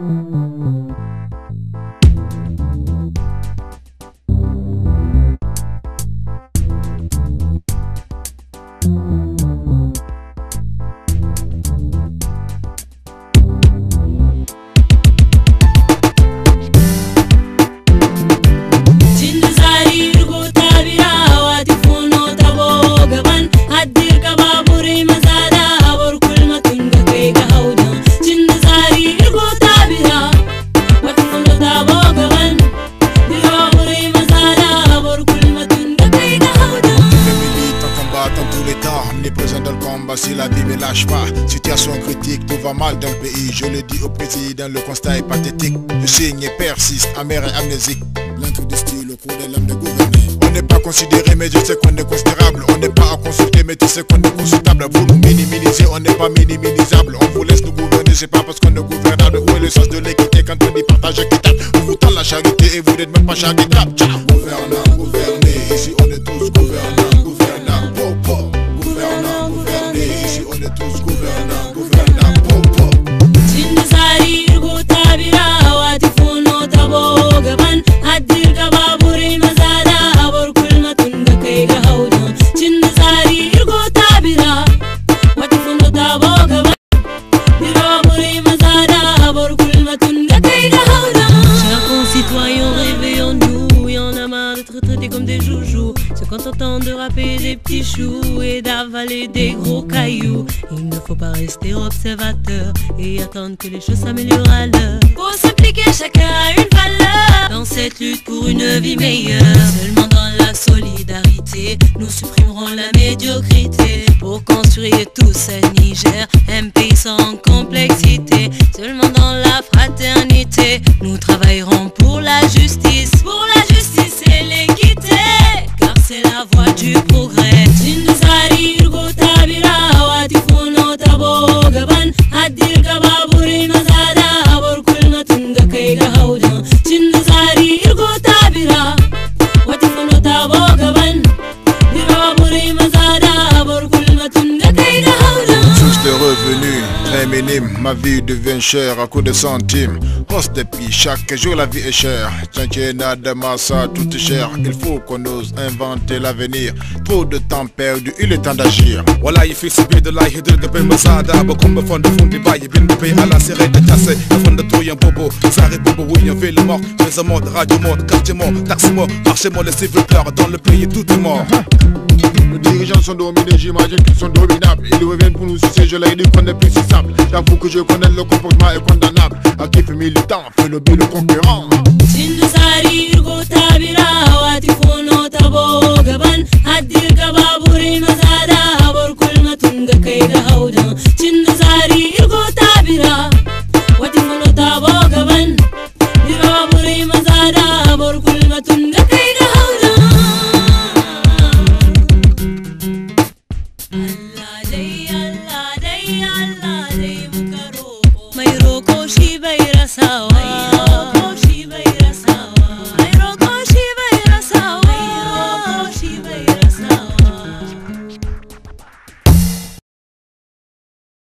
Thank mm-hmm. you. si la vie lâche pas Situation critique, tout va mal dans le pays Je le dis au président, le constat est pathétique Le signe persiste, amer et amnésique L'intrigue de style au cours des l'âme de gouverner On n'est pas considéré mais je sais qu'on est considérable On n'est pas à consulter mais tu sais qu'on est consultable Vous nous minimisez, on n'est pas minimisable On vous laisse nous gouverner, c'est pas parce qu'on est gouvernable Où est le sens de l'équité quand on dit partage équitable Vous vous tend la charité et vous n'êtes même pas charitable gouverneur tous gouvernants Quand on tente de râper des petits choux et d'avaler des gros cailloux, il ne faut pas rester observateur et attendre que les choses s'améliorent à l'heure. Pour s'impliquer, chacun a une valeur dans cette lutte pour une vie meilleure. Seulement dans la solidarité, nous supprimerons la médiocrité pour construire tous un Niger, un pays sans complexité. Seulement dans la fraternité. minime, ma vie devient chère à coup de centimes. Hausse depuis chaque jour la vie est chère. Quinquennat de massa, tout est cher. Il faut qu'on ose inventer l'avenir. Trop de temps perdu, il est temps d'agir. Voilà, il fait subir de l'aïe de ben Beaucoup me font de fond du bail, bin me paye à la serrée de cassé. La fond de tout, un bobo. S'arrête bobo, oui, un ville mort. Maison mort, radio mort, quartier mort, taxi mort. Marché mort, les civils pleurent. Dans le pays, tout est mort. Ils sont dominés, j'imagine qu'ils sont dominables. Ils reviennent pour nous sucer, je leur dit qu'on est plus simple. J'avoue que je connais le comportement est condamnable. A qui fait militant, fait le but le concurrent.